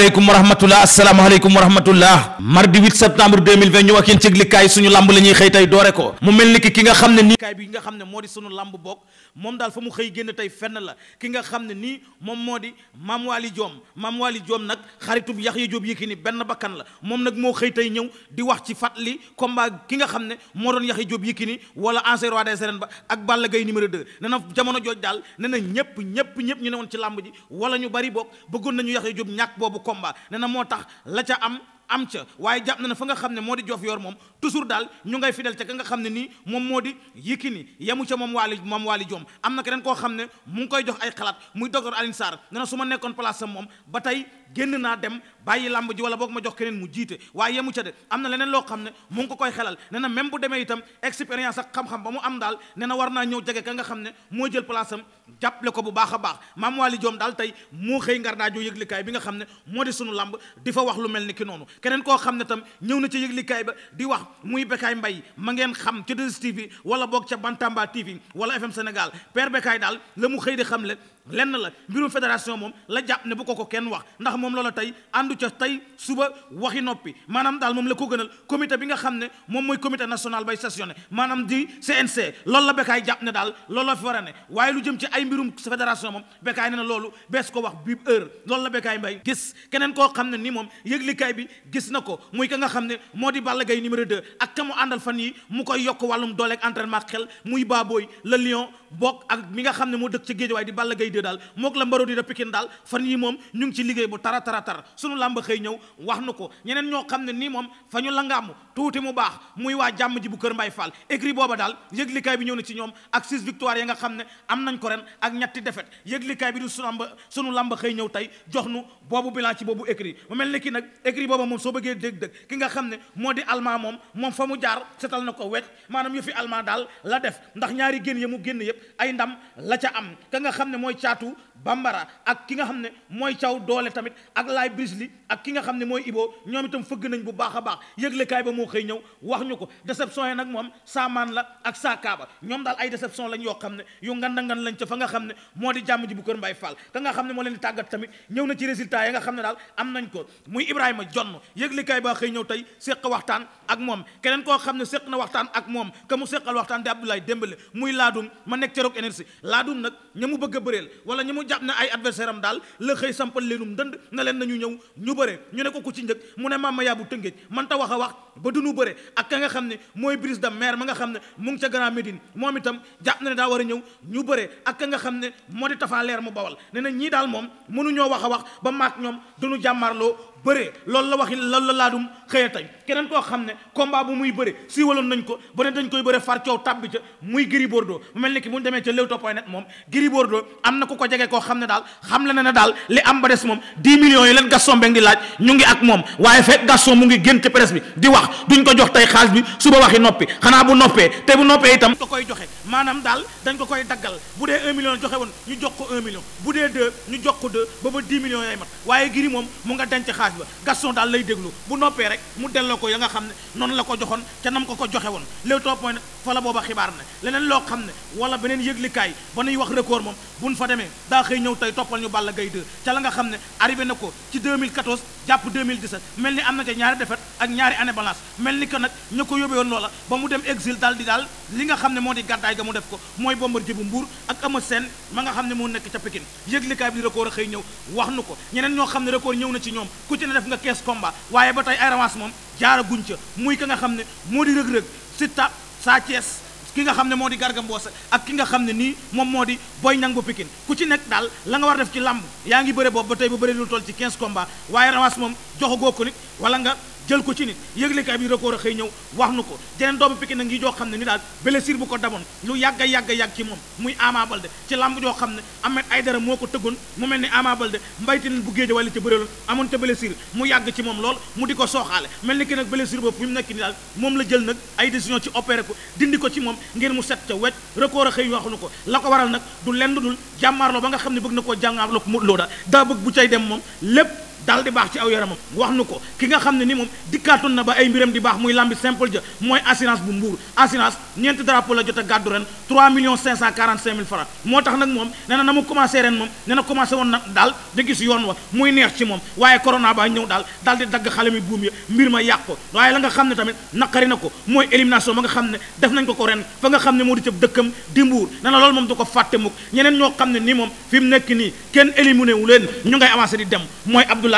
asalaamaaleykum wa rahmatullah asalaamaaleykum wa rahmatullah mardi 8 septembre 2020 ñu wax yéen ci yëglikaay suñu lamb la xëy tey doore ko mu mel ni ki ki nga xam ne nii kaay bi nga xam ne moo di suñu lamb bokk moom daal fa mu xëy génn tey fenn la ki nga xam ne nii moom moo di Mame Waly Diom Mame Waly Diom nag xaritub Yaxya benn bakkan la moom nag moo xëy tey ñëw di wax ci fàttali combat ki nga xam ne moo doon Yaxya Diop Yékini wala ancien roi des arènes ba ak Balla Gaye numéro 2 ne na jamono jooj daal ne na ñëpp ñëpp ñëpp ñu newoon ci lamb ji wala ñu bari bokk bëggoon combat nee na moo tax la ca am am ca waaye jàpp na ne nga xam ne moo di jof yor moom toujours daal ñu ngay fidèle ca ka nga xam ne nii moom moo di Yékini yemu ca moom waali moom waali joom am na keneen koo xam ne mu ngi koy jox ay xalaat muy docteur Alioune Sarr nee na su ma nekkoon place sam moom ba tey génn naa dem bàyyi làmb ji wala boog ma jox keneen mu jiite waaye yemu ca de am na leneen loo xam ne mu ko koy xelal nee na même bu demee itam expérience ak xam-xam ba mu am daal nee na war naa ñëw jege ka nga xam ne mooy jël place am jàppale ko bu baax a baax maam Waly Diom daal tey moo xëy ngar daajoo yëglikaay bi nga xam ne moo di suñu làmb di fa wax lu mel ni ki noonu keneen koo xam ne tam ñëw na ca yëglikaay ba di wax muy Bekaay Mbay ma ngeen xam ca 2STV wala boog ca Bantamba TV wala FM Sénégal père Bekaay daal la mu xëy di xam leen lenn la mbirum fédération moom la jàpp ne bu ko ko kenn wax ndax moom loola tey àndu ca tey suba waxi noppi maanaam daal moom la ko gënal comité bi nga xam ne moom mooy comité national bay stationné maanaam di CNC loolu la Bécaye jàpp ne daal loolu la fi ne waaye lu jëm ci ay mbirum fédération moom Bécaye ne na loolu bees ko wax bi heure loolu la Bécaye Mbaye gis keneen koo xam ne ni moom yëglikaay bi gis na ko muy ka nga xam ne moo di Balla gay numér 2 ak ka mu àndal fan yi mu koy yokk wàllum dooleeg entraînement xel muy baabooy le lion bokk ak mi nga xam ne moo dëkk ca Géejawaay Gueye de daal mook la mbaroo di da Pikine daal fan yi moom ñu ngi ci liggéey bu tara tara tar sunu làmba xëy ñëw wax nu ko ñeneen ñoo xam ne nii moom fa ñu langaamu tuuti mu baax muy waa jàmm ji bu kër Mbaye Fall écrit booba daal yëglikaay bi ñëw na ci ñoom ak six victoire ya nga xam ne am nañ ko ren ak ñetti défaite yëglikaay bi du sunu làmba sunu làmba xëy ñëw tey jox nu boobu bilan ci boobu écrit mu mel ni ki nag écrit booba moom soo bëggee dégg dëgg ki nga xam n moo di allemand moom moom fa mu ko wecc maanaam yëfi allemand daal la def ndax ñaari génn ya mu génn yëpp ay ndam la ca caatu bambara ak ki nga xam ne mooy caw doole tamit ak laay brisli ak ki nga xam ne mooy iboo ñoom itam fëgg nañ bu baax a baax yëglekaay ba moo xëy ñëw wax ñu ko déception yi nag moom saamaan la ak saa kaaba ñoom daal ay déception lañ yoo xam ne yu nganda ngan lañ ca fa nga xam ne moo di jàmm ji bu kër mbay fall ka nga xam ne moo leen di tàggat tamit ñëw na ci résultat yi nga xam ne daal am nañ ko muy ibrahima jonn yëglekaay ba xëy ñëw tey séq waxtaan ak moom keneen koo xam ne séq na waxtaan ak moom ka mu séqal waxtaan di abdoulaye démbale muy laadum ma nekk ca roog énergie nag ña mu bëgg a bëre wala ñi mu jàpp na ay adversaire am daal la xëy sampal leenum ndënd na leen nañu ñëw ñu bëre ñu ne ko ku ci njëkk mu ne maama yaabu tëngéej man ta wax a wax ba du ñu bëre ak ka nga xam ne mooy brise de maire ma nga xam ne mu ngi ca Grand Médine moom itam jàpp na ne daa war a ñëw ñu bare ak ka nga xam ne moo di tafaa leer mu bawal ne na ñii daal moom mënuñoo wax a wax ba maak ñoom duñu jàmmaarloo bëree loolu la waxi loolu la laadum xëye tey keneen koo xam ne combat bu muy bëre siiwaloon nañ ko ba ne dañ koy bëre far coow tàbbi ca muy Gris Bordeaux mu mel ni ki demee ca Leewtoo point net moom Gris Bordeaux am na ku ko jege koo xam ne daal xam la ne na daal li am ba des moom 10 millions yi leen Gaston Mbengue di laaj ñu ngi ak moom waaye fekk Gaston mu ngi génn ci presse bi di wax duñ ko jox tey xaalis bi suba waxi noppi xanaa bu noppee te bu noppee itam ko koy joxe maanaam daal dañ ko koy daggal bu dee million joxe woon ñu jox ko 1 million bu dee 2 ñu jox xaaj ba daal lay déglu bu noppee rek mu delloo ko ya nga xam ne noonu la ko joxoon ca nam ko ko joxe woon Leewtoo point fa la booba xibaar ne leneen loo xam ne wala beneen yëglikaay ba nuy wax record moom buñ fa demee daa xëy ñëw tey toppal ñu Balla Gaye 2 ca la nga xam ne arrivé na ko ci 2014 jàpp 2017 mel ni am na ca ñaari défaite ak ñaari année balance mel ni que nag ña ko yóbbewoon loola ba mu dem exil daal di daal li nga xam ne moo di gàddaay ga mu ko mooy Bombardier bu Mbuur ak nga xam ne moo nekk ca Pikine a xëy ñëw wax nu ñoo xam ne record ñëw na ci ñoom ci ne def nga kees combat waaye ba tey ay revanche moom jaara guñ ca muy ka nga xam ne moo di rëg-rëg Siteu Sa Thiès ki nga xam ne moo di Garga Mbossé ak ki nga xam ne nii moom moo di Boy Niang bu Pikine ku ci nekk daal la nga war def ci làmb yaa ngi bëre boob ba tey ba bëre lu toll ci 15 combat waaye revanche moom joxagoo ko nit wala nga jël ko ci nit yëglekaay bi record a xëy ñëw wax nu ko jeneen doomu Pikine na ngi joo xam ne ni daal blessure bu ko damoon lu yàgga yàgga yàgg ci moom muy Ama Baldé ci làmb joo xam ne ay dara moo ko tëggoon mu mel ni Ama Baldé mbaytin bu géej wala ca bëreeloon amoon ca blessure mu yàgg ci moom lool mu di ko sooxaale mel ni ki nag blessure boobu fi mu nekk ni daal moom la jël nag ay décision ci opéré ko dindi ko ci moom ngir mu set ca wecc record a xëy wax nu ko la ko waral nag du lenn dul jàmmaarloo ba nga xam ne bëgg na koo jàmmaarloo ko mu loo daal daa bëgg bu cay dem moom lépp daal di baax ci aw yaramam wax nu ko ki nga xam ne ni moom dikkaatoon na ba ay mbiram di baax muy lambi simple ja mooy assurance bu mbuur assurance ñeenti drapeau la jot a gàddu ren moo tax nag moom nee na mu commencé ren moom nee na daal da gis yoon wa muy neex ci moom waaye corona ba ñëw daal daal di dagg xale mi buum ya mbir ma yàq waaye la nga xam ne tamit naqari na ko mooy élimination ba nga xam ne def nañ ko ko ren fa nga xam ne moo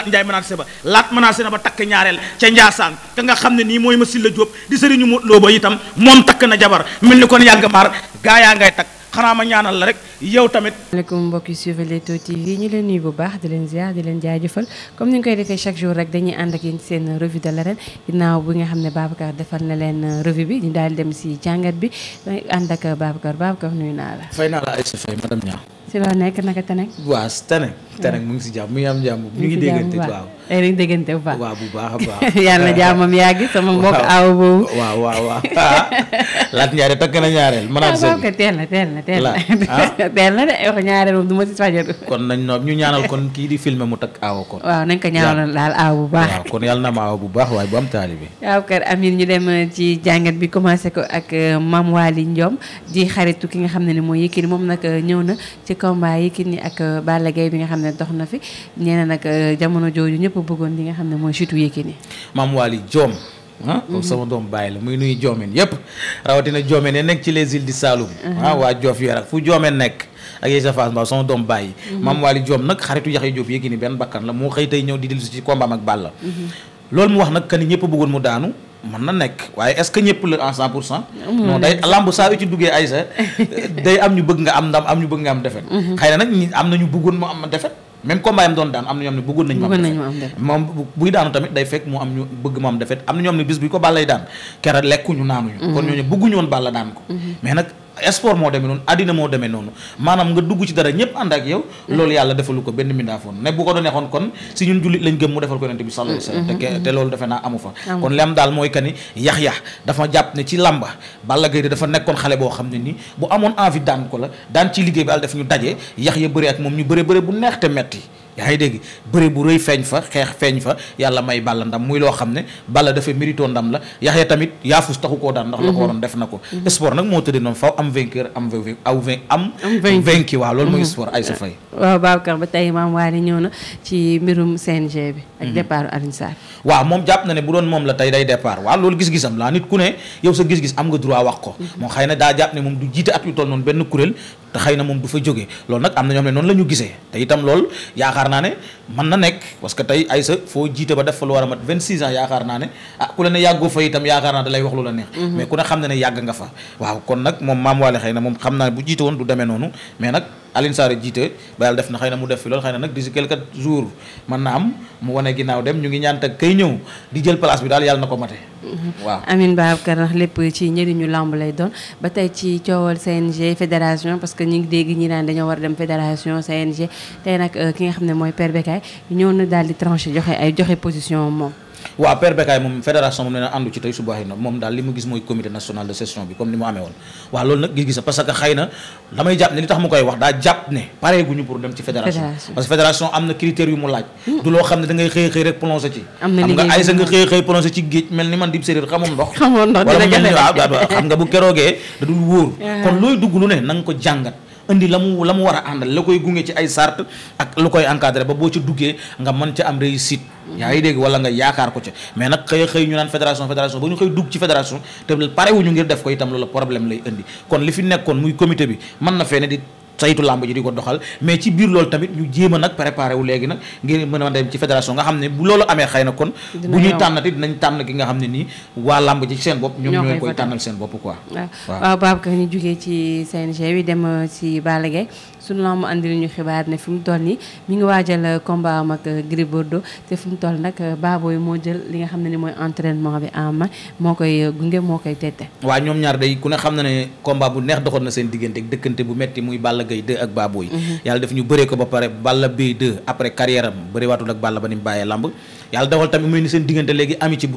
Laat Njaay menacé ba Laat menacé na ba takk ñaareel ca Njaasaan ka nga xam ne nii mooy ma silla Jóob di sëriñu mu loo ba itam moom takk na jabar mel ni kon yàgg maar gaa yaa ngay takk xanaa ma ñaanal la rek yow tamit. maaleykum mbokk yi suivre Leewtoo TV ñu leen nuyu bu baax di leen ziar di leen jaajëfal comme ni ñu koy defee chaque jour rek dañuy ànd ak yéen seen revue de l'arène ginnaaw bi nga xam ne Babacar defal na leen revue bi ñu daal dem si jàngat bi ànd ak Babacar Babacar nuyu naa la. fay naa la ay sa fay madame Niang. si nekk naka te nekk. waaw te nag mu ngi si jàmm mu ngi am jàmm ñu ngi déggante waaw léegi dañu déggante bu baax waaw bu baax a baax yàlla jaamam yàgg sama mbokk aw boobu waaw waaw waaw laat ñaare takk na ñaareel mënaat sëy ko teel na teel na teel na teel na de kon nañ no ñu ñaanal kon kii di filmer mu takk aawo kon waaw nañ ko ñaanal daal aaw bu baax waaw kon yàlla na ma aaw bu baax waaye bu am taalibe waaw kër Amine ñu dem ci jàngat bi commencé ko ak eh, Mame Waly Ndiom di xaritu ki nga xam ne ni mooy Yékini moom nag eh, ñëw na ci combat xam ne dox na fi nee na nag euh, jamono jooju ñëpp bëggoon li nga xam ne mooy chutu Yékini maam Waly Joom ah sama doom bàyyi la muy nuyu joomeen yëpp rawatina joomeen ya ci les îles du Saloum uh-huh. ah waa Joof yor ak fu joomeen nekk ak yéy sa Fass doom bàyyi uh-huh. maam Waly Joom nag xaritu Yaxya Jóob Yékini benn bakkan la moo xëy tey ñëw di dellusi ci combat ak Balla uh-huh. loolu mu wax nag kan ñëpp bëggoon mu daanu mën na nekk waaye est-ce que ñëpp la en cent pour cent non day lamb saa yu ci duggee ay day am ñu bëgg nga am ndam am ñu bëgg nga am defet mhm. xëy na nag ñi am nañu bëggoon mu am defet même combat yam doon na ñoom ne bëggoon nañu ma am defet moom buy daanu tamit day fekk mu am ñu bëgg mu am defet am na ñoom ne bis bi ko bàllay daan kera lekkuñu naanuñu mhm. kon ñooñu bëgguñu woon bàlla daan ko mhm. mais nag sport moo demee noonu addina moo demee noonu maanaam nga dugg ci dara ñëpp ànd ak yow mm. loolu yàlla defalu ko benn mindaafoon ne bu ko doon neexoon kon si ñun jullit lañ gëm mu defal ko yonent bi sallallahu alayhi wasallam mm-hmm. te loolu defe naa amu fa kon li daal mooy que Yaxya dafa jàpp ne ci làmba Balla Gaye dafa nekkoon xale boo xam ne nii bu amoon envie daan ko la daan ci liggéey bi àll def ñu daje ya bëri ak moom ñu bëre bëre bu neex te metti yaa ngi dégg bëre bu rëy feeñ fa xeex feeñ fa yàlla may Balla ndam muy loo xam ne Balla dafa mérito ndam la Yaxya tamit yaafus taxu koo daan ndax la ko mhm. waroon def na ko mhm. sport nag moo tëddee noonu faw am vainqueur mhm. sa fay waaw Babacar ba tey maam waale ñëw na moom jàpp na ne bu doon moom la tey day départ waaw loolu gis-gisam laa nit ku ne yow sa gis-gis am nga droit wax ko moom xëy na daa jàpp ne moom du jiite at yu toll noonu benn kuréel te xëy na moom du fa jógee lool nag am na ñoom ne noonu la ñu gisee te itam loolu yaakaar yaakaar naa ne mën na nekk parce que tey Aïssa foo jiite ba def fa lu war a mat 26 ans yaakaar naa ne ah ku la ne yàggoo fa itam yaakaar naa da wax lu la neex mhm. mais ku ne xam ne ne yàgg nga fa waaw kon nag moom maam waale xëy na moom xam naa bu jiite woon du demee noonu mais nag Alioune Sarr jiite ba yàlla def na xëy na mu def fi loolu xëy na nag d'ici quelques jours mën na am mu wane ginnaaw dem ñu ngi ñaan teg kay ñëw di jël place bi daal yal na ko mate. Mm-hmm. waaw Amin Babacar ndax lépp ci njëriñu làmb lay doon ba tey ci coowal CNG fédération parce que ñu ngi dégg ñi naan dañoo war dem fédération CNG tey nag euh, ki nga xam ne mooy Père Bécaye ñëw na daal di tranché joxe ay joxe position moom. waaw Père Bécaye moom fédération moom nee na àndu ci tey suba xëy na moom daal li mu gis mooy comité national de session bi comme ni mu amee woon waaw loolu nag gis-gis parce que xëy na damay jàpp ne li tax mu koy wax daa jàpp ne pare guñu pour dem ci fédération parce que fédération am na critères yu mu laaj hmm. du loo xam ne da ngay xëy xëy rek plongé ci xam nga ay nga xëy xëy plongé ci géej mel ni man dib séréer xamoon ndox wala mel da looy dugg lu nga ko jàngat indi la mu la mu war a àndal la koy gunge ci ay sart ak lu koy encadré ba boo ci duggee nga mën ca am réussite yaa ngi dégg wala nga yaakaar ko ca mais nag xëy xëy ñu naan fédération fédération ba ñu xëy dugg ci fédération te parewu ñu ngir def ko itam loolu problème lay indi kon li fi nekkoon muy comité bi mën na fee ne di saytu làmb ji di ko doxal mais ci biir loolu tamit ñu jéem nag préparé léegi nag ngir mën a dem ci fédération nga xam ne bu loolu amee xëy na kon bu ñuy tànnati dinañ tànn ki nga xam ne nii waa làmb ji seen bopp ñoom ñoo koy tànnal seen bopp quoi waaw waaw Babacar ñu jógee ci CNG bi euh, ci Balla sunu lamb andi ñu xibaar ne fi mu toll nii mi ngi waajal euh, combat am ak euh, Gris Bordeaux te fi mu toll nag euh, Baboy moo jël li nga xam ne ni mooy entraînement bi en main moo koy gunge moo koy tette. waa ñoom ñaar day ku ne xam na ne combat bu neex doxoon na seen diggante ak dëkkante bu metti muy Balla gay 2 ak Baboy. Mhm. yàlla def ñu bëree ko ba pare Balla Gaye 2 après carrière am bëriwaatul ak Balla ba ni mu bàyyee lamb yàlla dawal tamit muy ni seen diggante léegi amitié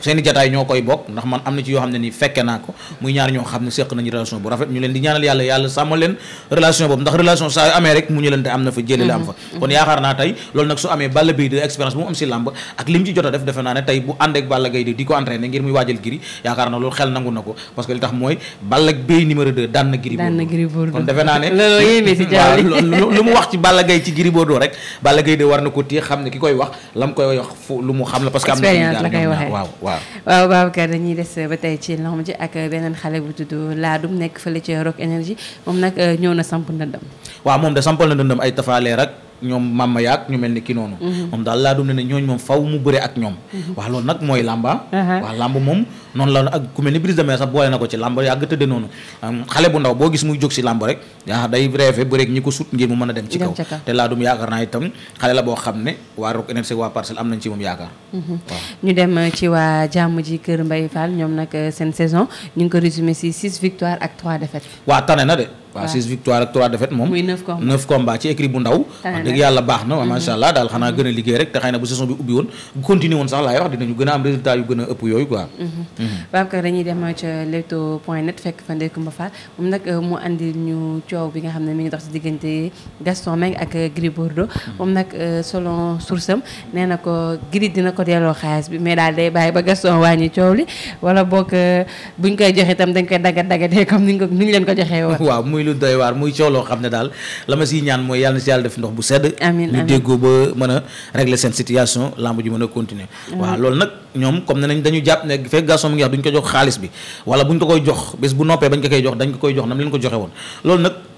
seen i jataay ñoo koy bokk ndax man am na ci yoo xam ne nii fekke naa ko muy ñaar ñoo xam ne seq nañu relation bu rafet ñu leen di ñaanal yàlla yàlla sàmmal leen relation boobu ndax relation saa yu amee rek mu ñu leen te am na fa jëlee la am fa mhm. kon yaakaar naa tey loolu nag su amee Balla Gaye de expérience bu mu am si làmb ak li mu ci jot a def defe naa ne tey bu ànd ak Balla Gaye de di ko entraîné ngir muy waajal Gris yaakaar na loolu xel nangu na ko parce que li tax mooy Balla Gaye numéro 2 daan na Gris Bordeaux kon defe naa ne waaw lu mu wax ci Balla Gaye ci Gris Bordeaux rek Balla Gaye de war na ko téye xam ne ki koy wax la mu koy wax fu lu mu xam la parce que am na waaw waaw waaw Babacar dañuy des euh, ba tey ci lamb ji ak euh, beneen xale bu tudd Laadum nekk fa li ci Rock Énergie moom nag euh, ñëw na samp ndëndam waaw moom de sampal na ndëndam ay tafaaleer ak ñoom mama yaak ñu mel ni ki noonu mhm. moom daal laa doon ne ñooñu moom faw mu bëre ak ñoom mhm. waaw loolu nag mooy làmba uh-huh. waaw làmb moom noonu la ak ku mel ni brise de mer sax boole na ko ci làmb yàgg tëdde noonu xale bu ndaw boo gis muy jóg si làmb rek yaa day rêvé bëreeg ñi ko sut ngir mu mën a dem ci kaw te laa yaakaar naa itam xale la boo xam ne waa Rock Énergie waa Parcelles am nañ ci moom yaakaar mhm. waaw ñu dem ci waa jàmm ji kër Mbaye Fall ñoom nag euh, seen waaw six victoire ak trois défaites moom neuf combats ci écrit bu ndaw wax dëgg yàlla baax na waaw mhm. masha allah daal xanaa gën a liggéey rek te xëy na bu saison a a mhm. Mhm. moom nag euh, mu andi ñu coow bi nga xam ne mi ngi dox ci diggante Gaston Mbengue ak Gris Bordeaux moom nag euh, selon source am ko Gris dina ko delloo xaalis bi mais daal day bàyyi ba Gaston wàññi coow li wala boog euh, buñ koy joxe itam dañ koy dagat dagatee comme ni ñu leen ko joxee woon lu doy waar muy coow xam ne daal la ma siy ñaan mooy yàlla na si yàlla def ndox bu sedd ñu déggoo ba mën a régler seen situation lamb ji mën a continuer waaw loolu nag ñoom comme ne nañ dañu jàpp ne fekk garçon mi ngi wax duñ ko jox xaalis bi wala buñ ko koy jox bés bu noppee bañ ko koy jox dañ ko koy jox nam leen ko joxe woon loolu nag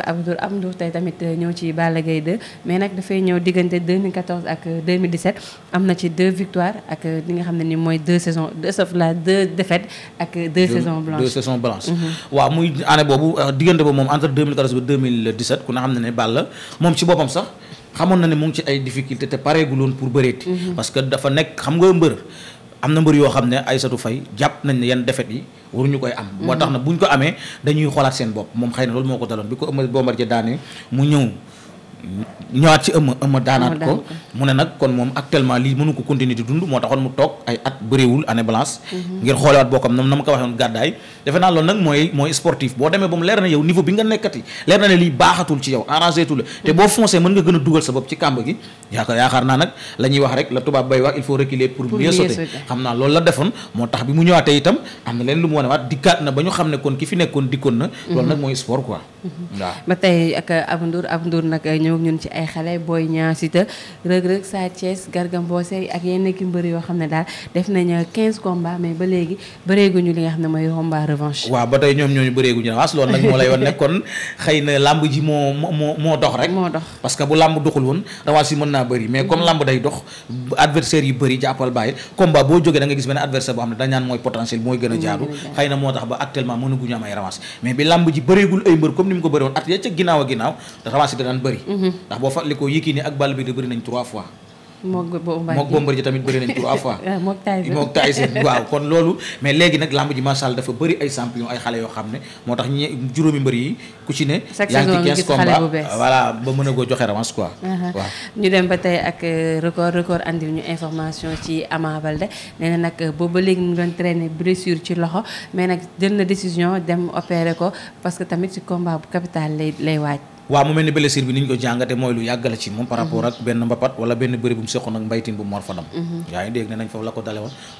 fa Abdou Ndour Abdou Ndour tamit euh, ñëw ci Balla Gaye 2 mais nag dafay ñëw diggante 2014 ak 2017 am na ci deux victoires ak euh, li xam ne ni mooy deux saisons deux euh, saisons blanches deux mhm. muy année boobu diggante boobu moom entre 2014 ba 2017 ku ne xam ne ne Balla moom ci boppam sax xamoon na ne mu ci ay difficultés te pareeguloon pour bëreeti mhm. parce que dafa nekk xam nga mbër am na mbër yoo xam ne Aïssatou fay jàpp nañ ne yan defet yi waruñu koy am moo tax na buñ ko amee dañuy xoolaat seen bopp moom xay na loolu moo ko daloon bi ko Bombardier daanee mu ñëw ñëwaat ci ëmma ëmma daanaat ko mu ne nag kon moom actuellement lii mënu ko continuer di dund moo taxoon mu toog ay at bëréewul année balance mhm. ngir xoolewaat bokkam boo demee ba na yow niveau mhm. dugal sa ci kàmb gi yaakaar yaakaar naa nag la wax rek la tubaab bay wax il faut reculer pour mieux sauter xam naa loolu la defoon moo tax bi mu ñëwaatee itam am na leen lu mu wane waat dikkaat na ba ñu xam ne kon ki fi nekkoon dikkoon na mhm. loolu nag mooy sport quoi waaw ay xale Boy Niang Siteu Reug Reug Sa Thiès Garga ak yenn ki mbër yoo xam ne daal def nañ 15 combats mais ba léegi bëreeguñu li nga xam ne mooy kon làmb day dox adversaire yu bëri jàppal bàyyil combat boo jógee da gis benn adversaire boo xam ne dañ naan mooy potentiel mooy gën a jaadu xëy na moo tax ba actuellement mënaguñu am ay revanche mais bi làmb ji bëreegul ay mbër comme ni mu ko bëri woon at ya ca ginnaaw a ginnaaw revanche yi boo fàttalikoo Yékini ak Balla bi de bëri nañ trois fois. moog Bombardier ji tamit bëri nañ trois fois moog Tyson moog Tyson waaw kon loolu mais léegi nag lamb ji macha allah dafa bëri ay champion ay xale yoo xam ne moo tax ñi juróomi mbër yi ku ci ne yaa ngi ci quinze combat voilà a blessure ci loxo mais nag jël na décision dem opérer ko parce tamit ci combat bu capital lay waaj waaw mu mel ni blessure bi ni ñu ko jàngate mooy lu yàgg ci moom par mhm. rapport ak benn mbapat wala benn bëri bu mu seqoon ak mbaytin bu mor mhm.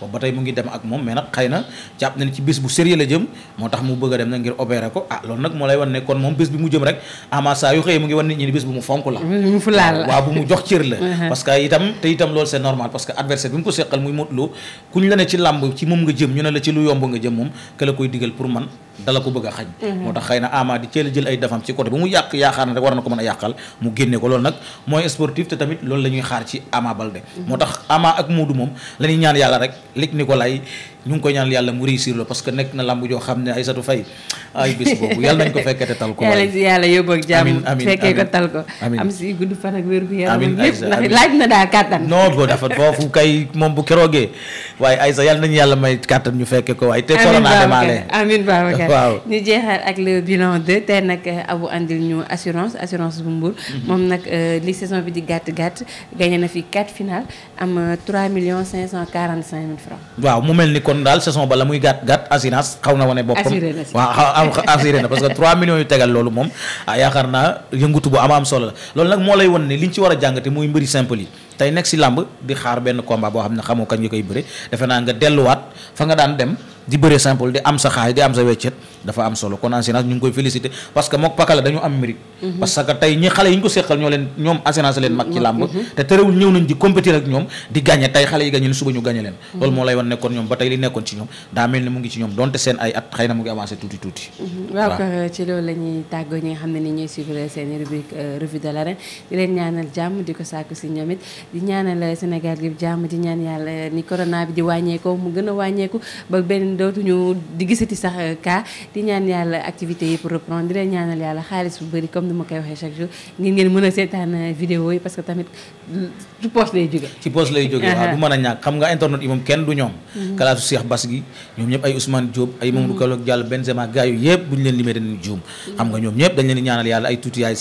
ak moom mais a dem na ah, bi mu jëm rek ama saa yu mu ngi wan nit ñi ni bis bu mu fonk la waaw bu mu jox cër la uh-huh. parce que itam te itam loolu c'est normal parce que adversaire bi mu ko seqal muy Modou Lo kuñ la ne ci làmb ci moom nga jëm ñu ne la ci lu yomb nga jëm moom ke koy digal pour man dala ko bëgg a xañ mhm. moo tax xay na ama di teel a jël ay defam ci côté bu mu yàq yaakaar na rek war na ko mën a yàqal mu génne ko loolu nag mooy sportif te tamit loolu la ñuy xaar ci Ama Baldé mhm. moo tax ama ak Modou moom la ñuy ñaan yàlla rek lig ni ko lay ñu ngi koy ñaan yàlla mu réussir la parce que nekk na lamb joo xam ne Aïssatou Faye ay bis boobu yàlla nañ ko fekkee te tal ko yàlla si yàlla yóbbu ak jàmm fekkee ko tal am si gudd fan ak wér gu yaram na daal kàttan te nag abu andil ñu assurance assurance bu Mbour mhm. moom nag euh, li saison bi di gàtt gàtt gagné na fi 4 finale am 3 millions 545 mille francs waaw mu mel ni kon daal saison ba muy gàtt gàtt assurance xaw na wane boppam waaw assuré na parce que 3 millions yu tegal loolu moom ah, yaakaar naa yëngutu bu am am solo loolu nag moo lay wan ne li ñu war a jàngate muy mbëri simple yi tey nekk si làmb di xaar benn combat boo xam xamoo kañ nga koy bëre defe naa nga delluwaat fa nga daan dem di bëre simple di am sa xaay di am sa weccet dafa am solo kon assurance ñu ngi koy félicité parce que mook pakala dañu am mérite mhm. parce que tey ñi xale yi ñu ko seqal mhm. ñoom di compétir tey xale yi gagné suba ñu gagné leen mhm. loolu moo lay wan nekkoon ñoom ba tey li nekkoon ci ñoom daa ni mu ngi ci ñoom donte seen ay at xëy na mu ngi avancé tuuti tuuti waaw kër euh, ci loolu la tàggoo ñi xam ne ni ñooy suivre seen rubrique euh, revue leen ñaanal jàmm di ñun dootuñu di gisati sax euh, cas di ñaan yàlla activités yi pour reprendre di leen ñaanal yàlla xaalis bu bëri comme ni koy waxee chaque jour ngeen ngeen mën a seetaan euh, vidéo yi parce que tamit ci poche lay jóge ci poche lay jóge waaw du mën a ñàkk xam nga internet yi moom kenn du ñoom mhm. kalaasu Cheikh Bass gi ñoom ñëpp ay Ousmane Diop ay Mamadou mhm. Kalo Diallo Benzema gars yu bu ñu leen limee juum mhm. xam nga ñoom ñëpp dañ leen ñaanal yàlla ay tuuti yaay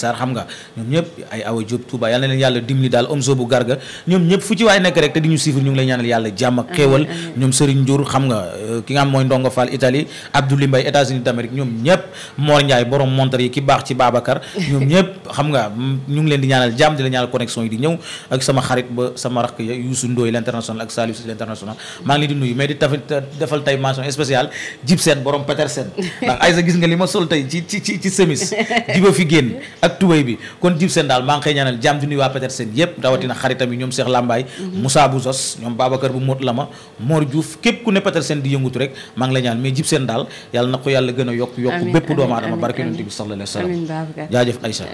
xam nga xam mooy Ndongo Fall Italie Abdoulaye Mbaye États-Unis d'Amérique ñoom ñëpp Mor Ndiaye borom montre yi ki baax ci Babacar ñoom ñëpp nga leen di ñaanal jàmm di la ñaanal connexion yi di ñëw ak sama xarit maa ngi leen di nuyu mais di tafit defal nga li ma sol tay ci ci maa ngi koy ñaanal jàmm di nuyu waa Petersen yëpp rawatina xaritam yi ñoom Cheikh Lambaye mhm. Moussa Bouzos ñoom Babacar bu Mot Lama Mor Diouf képp ku ne Petersen di yëngutu rek rek maa ngi lay ñaan mais jib seen daal yàlla na ko yàlla gën a yokk yokk bépp doomu aadama barke yonent bi sallallahu alayhi wa sallam jaajëf Aïcha